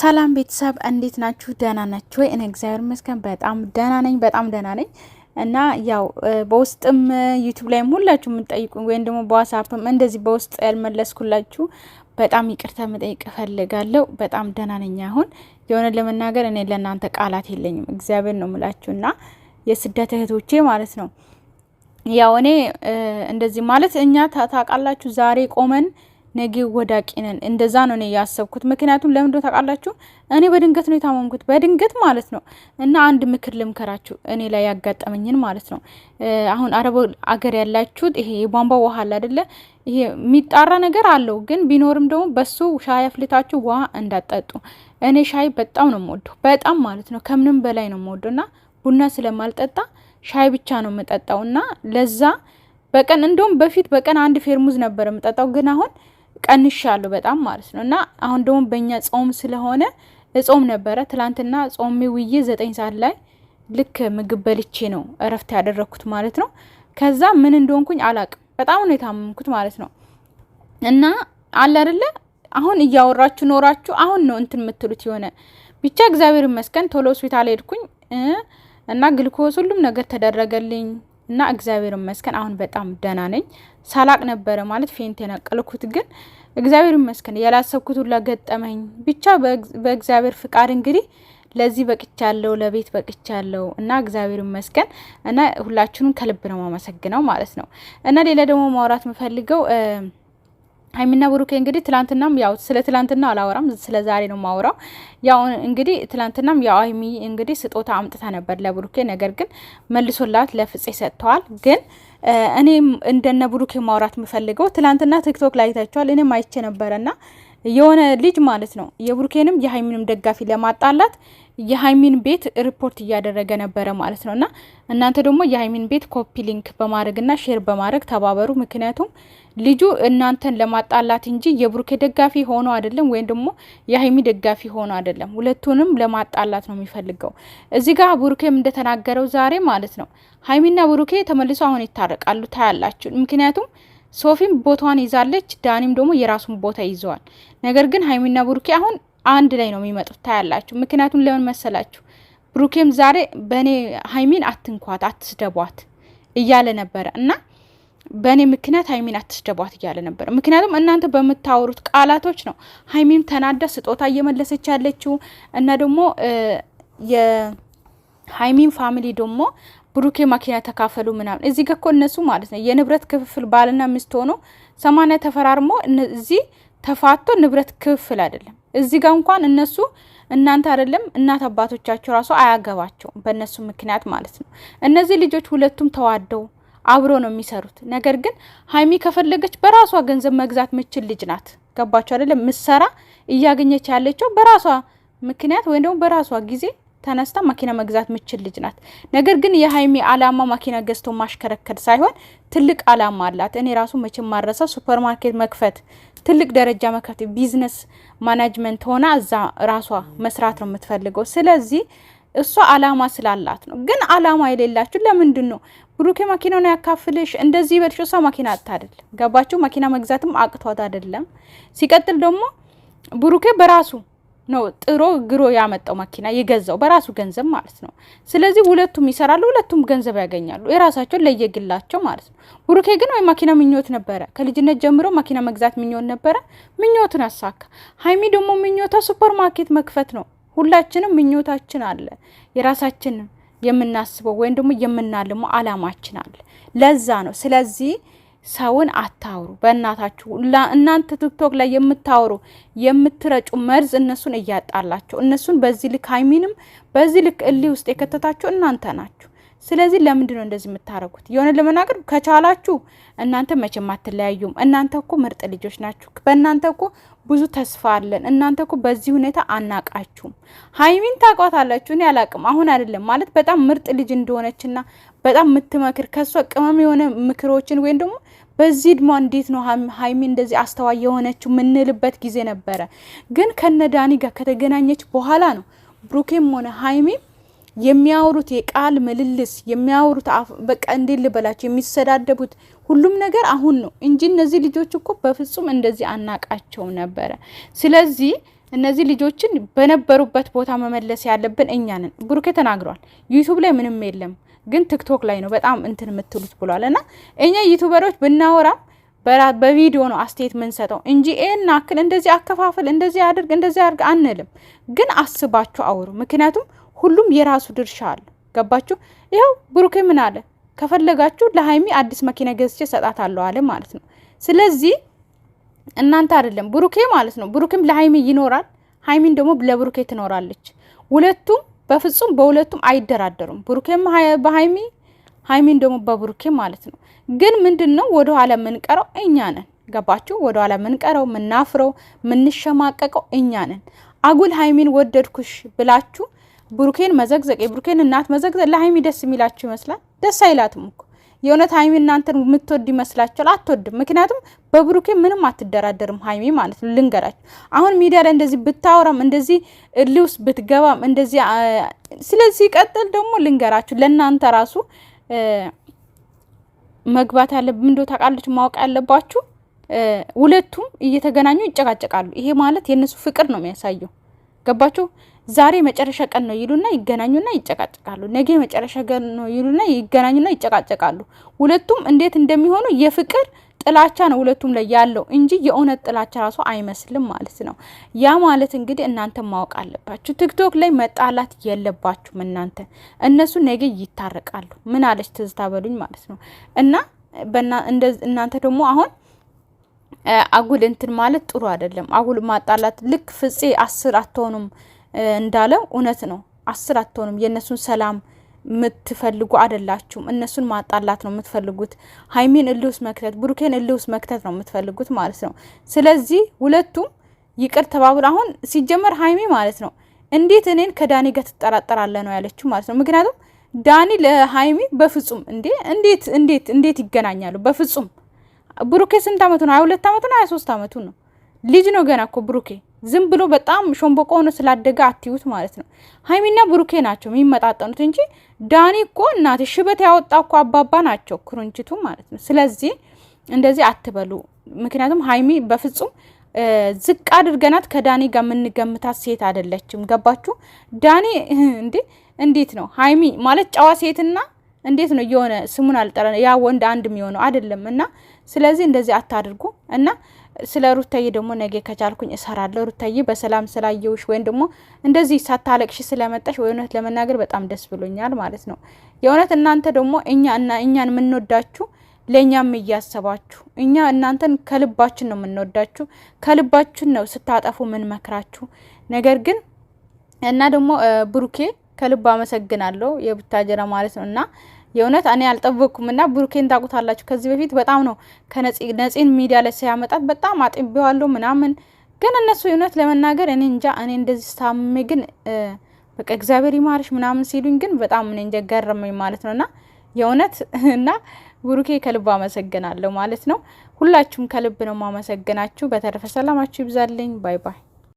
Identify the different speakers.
Speaker 1: ሰላም ቤተሰብ እንዴት ናችሁ? ደህና ናችሁ ወይ? እኔ እግዚአብሔር ይመስገን በጣም ደህና ነኝ፣ በጣም ደህና ነኝ። እና ያው በውስጥም ዩቲዩብ ላይም ሁላችሁ የምንጠይቁ ወይም ደግሞ በዋትስአፕም እንደዚህ በውስጥ ያልመለስኩላችሁ በጣም ይቅርታ መጠየቅ እፈልጋለሁ። በጣም ደህና ነኝ። አሁን የሆነ ለመናገር እኔ ለእናንተ ቃላት የለኝም፣ እግዚአብሔር ነው ምላችሁ እና የስደት እህቶቼ ማለት ነው ያው እኔ እንደዚህ ማለት እኛ ታውቃላችሁ ዛሬ ቆመን ነገ ወዳቂ ነን። እንደዛ ነው እኔ ያሰብኩት። ምክንያቱም ለምን ነው ታውቃላችሁ? እኔ በድንገት ነው የታመምኩት፣ በድንገት ማለት ነው። እና አንድ ምክር ልምከራችሁ፣ እኔ ላይ ያጋጠመኝን ማለት ነው። አሁን አረብ አገር ያላችሁት ይሄ የቧንቧ ውሃ አለ አይደለ? ይሄ የሚጣራ ነገር አለው፣ ግን ቢኖርም ደግሞ በሱ ሻይ አፍልታችሁ ውሃ እንዳጠጡ። እኔ ሻይ በጣም ነው የምወደው፣ በጣም ማለት ነው። ከምንም በላይ ነው የምወደው እና ቡና ስለማልጠጣ ሻይ ብቻ ነው የምጠጣው እና ለዛ በቀን እንደውም በፊት በቀን አንድ ፌርሙዝ ነበር የምጠጣው፣ ግን አሁን ቀንሻለሁ በጣም ማለት ነው። እና አሁን ደግሞ በእኛ ጾም ስለሆነ እጾም ነበረ ትላንትና ጾሜ ውዬ ዘጠኝ ሰዓት ላይ ልክ ምግብ በልቼ ነው እረፍት ያደረግኩት ማለት ነው። ከዛ ምን እንደሆንኩኝ አላቅም። በጣም ነው የታመምኩት ማለት ነው። እና አለ አይደለ አሁን እያወራችሁ ኖራችሁ አሁን ነው እንትን የምትሉት የሆነ ብቻ እግዚአብሔር ይመስገን ቶሎ ሆስፒታል ሄድኩኝ እና ግልኮስ ሁሉም ነገር ተደረገልኝ። እና እግዚአብሔር ይመስገን አሁን በጣም ደህና ነኝ። ሳላቅ ነበረ ማለት ፌንት የነቀልኩት ግን እግዚአብሔር ይመስገን ያላሰብኩት ሁላ ገጠመኝ። ብቻ በእግዚአብሔር ፍቃድ እንግዲህ ለዚህ በቅቻለሁ፣ ለቤት በቅቻለሁ እና እግዚአብሔር ይመስገን እና ሁላችሁንም ከልብ ነው ማመሰግነው ማለት ነው እና ሌላ ደግሞ ማውራት የምፈልገው ሀይሚና ብሩኬ እንግዲህ ትላንትናም ያው ስለ ትላንትና አላወራም፣ ስለ ዛሬ ነው ማውራው። ያው እንግዲህ ትላንትናም ያው ሀይሚ እንግዲህ ስጦታ አምጥታ ነበር ለብሩኬ፣ ነገር ግን መልሶላት ለፍጼ ሰጥተዋል። ግን እኔ እንደነ ብሩኬ ማውራት የምፈልገው ትላንትና ቲክቶክ ላይ ታይቷል፣ እኔም አይቼ ነበረና የሆነ ልጅ ማለት ነው የብሩኬንም የሀይሚንም ደጋፊ ለማጣላት የሀይሚን ቤት ሪፖርት እያደረገ ነበረ ማለት ነው። እና እናንተ ደግሞ የሀይሚን ቤት ኮፒ ሊንክ በማድረግና ሼር በማድረግ ተባበሩ። ምክንያቱም ልጁ እናንተን ለማጣላት እንጂ የብሩኬ ደጋፊ ሆኖ አይደለም፣ ወይም ደግሞ የሀይሚ ደጋፊ ሆኖ አይደለም። ሁለቱንም ለማጣላት ነው የሚፈልገው። እዚህ ጋር ብሩኬም እንደተናገረው ዛሬ ማለት ነው ሀይሚና ብሩኬ ተመልሶ አሁን ይታረቃሉ፣ ታያላችሁ። ምክንያቱም ሶፊም ቦታዋን ይዛለች፣ ዳኒም ደግሞ የራሱን ቦታ ይዘዋል። ነገር ግን ሀይሚና ብሩኬ አሁን አንድ ላይ ነው የሚመጡት። ታያላችሁ። ምክንያቱም ለምን መሰላችሁ? ብሩኬም ዛሬ በእኔ ሀይሚን አትንኳት፣ አትስደቧት እያለ ነበረ እና በእኔ ምክንያት ሀይሚን አትስደቧት እያለ ነበረ። ምክንያቱም እናንተ በምታወሩት ቃላቶች ነው ሀይሚም ተናዳ ስጦታ እየመለሰች ያለችው እና ደግሞ የሀይሚን ፋሚሊ ደግሞ ብሩኬ ማኪና ተካፈሉ ምናምን። እዚህ ጋ እኮ እነሱ ማለት ነው የንብረት ክፍፍል ባልና ሚስት ሆኖ ሰማንያ ተፈራርሞ እዚህ ተፋቶ ንብረት ክፍፍል አይደለም እዚህ ጋር እንኳን እነሱ እናንተ አይደለም እናት አባቶቻቸው ራሱ አያገባቸውም፣ በእነሱ ምክንያት ማለት ነው። እነዚህ ልጆች ሁለቱም ተዋደው አብሮ ነው የሚሰሩት። ነገር ግን ሀይሚ ከፈለገች በራሷ ገንዘብ መግዛት ምችል ልጅ ናት። ገባቸው አይደለም? ምሰራ እያገኘች ያለችው በራሷ ምክንያት ወይም ደግሞ በራሷ ጊዜ ተነስታ መኪና መግዛት ምችል ልጅ ናት። ነገር ግን የሀይሚ አላማ መኪና ገዝቶ ማሽከረከር ሳይሆን ትልቅ አላማ አላት። እኔ ራሱ መቼም ማረሳው ሱፐርማርኬት መክፈት ትልቅ ደረጃ መከት ቢዝነስ ማናጅመንት ሆና እዛ ራሷ መስራት ነው የምትፈልገው። ስለዚህ እሷ አላማ ስላላት ነው። ግን አላማ የሌላችሁ ለምንድን ነው ብሩኬ መኪናውን ያካፍልሽ እንደዚህ በልሽ? እሷ መኪና አታደል ገባችሁ? መኪና መግዛትም አቅቷት አይደለም። ሲቀጥል ደግሞ ብሩኬ በራሱ ነው ጥሮ ግሮ ያመጣው መኪና የገዛው በራሱ ገንዘብ ማለት ነው። ስለዚህ ሁለቱም ይሰራሉ፣ ሁለቱም ገንዘብ ያገኛሉ የራሳቸውን ለየግላቸው ማለት ነው። ብሩኬ ግን ወይ መኪና ምኞት ነበረ፣ ከልጅነት ጀምሮ መኪና መግዛት ምኞት ነበረ፣ ምኞቱን አሳካ። ሀይሚ ደግሞ ምኞቷ ሱፐር ማርኬት መክፈት ነው። ሁላችንም ምኞታችን አለ፣ የራሳችን የምናስበው ወይም ደግሞ የምናልመው አላማችን አለ። ለዛ ነው ስለዚህ ሰውን አታውሩ በእናታችሁ። እናንተ ቲክቶክ ላይ የምታወሩ የምትረጩ መርዝ እነሱን እያጣላቸው እነሱን በዚህ ልክ ሀይሚንም በዚህ ልክ እሊ ውስጥ የከተታቸው እናንተ ናችሁ። ስለዚህ ለምንድን ነው እንደዚህ የምታደርጉት? የሆነ ለመናገር ከቻላችሁ እናንተ መቼም አትለያዩም። እናንተ እኮ ምርጥ ልጆች ናችሁ። በእናንተ እኮ ብዙ ተስፋ አለን። እናንተ እኮ በዚህ ሁኔታ አናቃችሁም። ሀይሚን ታቋታላችሁ እኔ አላቅም አሁን አይደለም ማለት በጣም ምርጥ ልጅ እንደሆነችና በጣም የምትመክር ከእሷ ቅመም የሆነ ምክሮችን ወይም ደግሞ በዚህ ድሞ እንዴት ነው ሀይሚ እንደዚህ አስተዋይ የሆነችው የምንልበት ጊዜ ነበረ። ግን ከነ ዳኒ ጋር ከተገናኘች በኋላ ነው ብሩኬም ሆነ ሀይሚ የሚያወሩት የቃል ምልልስ የሚያወሩት በቃ እንዴት ልበላቸው የሚሰዳደቡት ሁሉም ነገር አሁን ነው እንጂ እነዚህ ልጆች እኮ በፍጹም እንደዚህ አናቃቸውም ነበረ። ስለዚህ እነዚህ ልጆችን በነበሩበት ቦታ መመለስ ያለብን እኛ ነን። ብሩኬ ተናግሯል። ዩቱብ ላይ ምንም የለም ግን ቲክቶክ ላይ ነው በጣም እንትን የምትሉት ብሏል። እና እኛ ዩቱበሮች ብናወራም በቪዲዮ ነው አስተያየት የምንሰጠው እንጂ ይህን አክል እንደዚህ አከፋፍል፣ እንደዚህ አድርግ፣ እንደዚህ አድርግ አንልም። ግን አስባችሁ አውሩ። ምክንያቱም ሁሉም የራሱ ድርሻ አለ። ገባችሁ? ይኸው ብሩኬ ምን አለ? ከፈለጋችሁ ለሀይሚ አዲስ መኪና ገዝቼ እሰጣታለሁ አለ ማለት ነው። ስለዚህ እናንተ አይደለም ብሩኬ ማለት ነው። ብሩኬም ለሀይሚ ይኖራል፣ ሀይሚን ደግሞ ለብሩኬ ትኖራለች። ሁለቱም በፍጹም በሁለቱም አይደራደሩም። ብሩኬም በሀይሚ ሀይሚን ደግሞ በብሩኬ ማለት ነው። ግን ምንድን ነው ወደኋላ የምንቀረው እኛ ነን። ገባችሁ? ወደኋላ የምንቀረው የምናፍረው፣ የምንሸማቀቀው እኛ ነን። አጉል ሀይሚን ወደድኩሽ ብላችሁ ብሩኬን መዘግዘቅ፣ የብሩኬን እናት መዘግዘቅ ለሀይሚ ደስ የሚላችሁ ይመስላል። ደስ አይላትም እኮ የእውነት ሀይሚ እናንተን የምትወድ ይመስላችኋል? አትወድም። ምክንያቱም በብሩኬ ምንም አትደራደርም ሀይሚ ማለት ነው። ልንገራችሁ አሁን ሚዲያ ላይ እንደዚህ ብታወራም እንደዚህ ልውስ ብትገባም እንደዚህ ስለዚህ ቀጥል ደግሞ ልንገራችሁ ለእናንተ ራሱ መግባት ያለ ምንዶ ታውቃላችሁ ማወቅ ያለባችሁ ሁለቱም እየተገናኙ ይጨቃጨቃሉ። ይሄ ማለት የእነሱ ፍቅር ነው የሚያሳየው። ገባችሁ? ዛሬ መጨረሻ ቀን ነው ይሉና ይገናኙና ይጨቃጨቃሉ። ነገ መጨረሻ ቀን ነው ይሉና ይገናኙና ይጨቃጨቃሉ። ሁለቱም እንዴት እንደሚሆኑ የፍቅር ጥላቻ ነው ሁለቱም ላይ ያለው እንጂ የእውነት ጥላቻ ራሱ አይመስልም ማለት ነው። ያ ማለት እንግዲህ እናንተ ማወቅ አለባችሁ። ቲክቶክ ላይ መጣላት የለባችሁም እናንተ። እነሱ ነገ ይታረቃሉ። ምን አለች ትዝታ በሉኝ ማለት ነው እና እናንተ ደግሞ አሁን አጉል እንትን ማለት ጥሩ አይደለም። አጉል ማጣላት ልክ ፍፄ አስር አትሆኑም እንዳለው እውነት ነው። አስር አትሆንም። የእነሱን ሰላም የምትፈልጉ አይደላችሁም። እነሱን ማጣላት ነው የምትፈልጉት። ሀይሚን እልውስ መክተት፣ ብሩኬን እልውስ መክተት ነው የምትፈልጉት ማለት ነው። ስለዚህ ሁለቱም ይቅር ተባብሎ አሁን ሲጀመር ሀይሚ ማለት ነው እንዴት እኔን ከዳኒ ጋር ትጠራጠራለ ነው ያለችው ማለት ነው። ምክንያቱም ዳኒ ለሀይሚ በፍጹም እንዴ እንዴት እንዴት እንዴት ይገናኛሉ? በፍጹም ብሩኬ ስንት አመቱ ነው? ሀያ ሁለት አመቱ ነው? ሀያ ሶስት አመቱ ነው? ልጅ ነው ገና እኮ ብሩኬ ዝም ብሎ በጣም ሾምበቆ ሆኖ ስላደገ አትዩት ማለት ነው። ሀይሚና ብሩኬ ናቸው የሚመጣጠኑት እንጂ ዳኒ እኮ እናት ሽበት ያወጣ እኮ አባባ ናቸው ክሩንችቱ ማለት ነው። ስለዚህ እንደዚህ አትበሉ። ምክንያቱም ሀይሚ በፍጹም ዝቅ አድርገናት ከዳኒ ጋር የምንገምታት ሴት አይደለችም። ገባችሁ? ዳኒ እንዴ እንዴት ነው ሀይሚ ማለት ጨዋ ሴትና እንዴት ነው የሆነ ስሙን አልጠረ ያ ወንድ አንድ የሚሆነው አይደለም። እና ስለዚህ እንደዚህ አታድርጉ እና ስለ ሩታዬ ደግሞ ነገ ከቻልኩኝ እሰራለሁ። ሩታዬ በሰላም ስላየውሽ ወይም ደግሞ እንደዚህ ሳታለቅሽ ስለመጣሽ እውነት ለመናገር በጣም ደስ ብሎኛል ማለት ነው። የእውነት እናንተ ደግሞ እኛ እና እኛን የምንወዳችሁ ለእኛም እያሰባችሁ እኛ እናንተን ከልባችን ነው የምንወዳችሁ፣ ከልባችን ነው ስታጠፉ ምን መክራችሁ ነገር ግን እና ደግሞ ብሩኬ ከልብ አመሰግናለሁ የቡታጀራ ማለት ነው እና የእውነት እኔ አልጠበኩም እና ብሩኬን ታውቁታላችሁ። ከዚህ በፊት በጣም ነው ነፂን ሚዲያ ላይ ሲያመጣት በጣም አጥቢዋለሁ ምናምን፣ ግን እነሱ የእውነት ለመናገር እኔ እንጃ እኔ እንደዚህ ሳሜ ግን በቃ እግዚአብሔር ይማርሽ ምናምን ሲሉኝ ግን በጣም እኔ እንጃ ገረመኝ ማለት እና የእውነት እና ብሩኬ ከልብ አመሰግናለሁ ማለት ነው። ሁላችሁም ከልብ ነው ማመሰግናችሁ። በተረፈ ሰላማችሁ ይብዛልኝ። ባይ ባይ።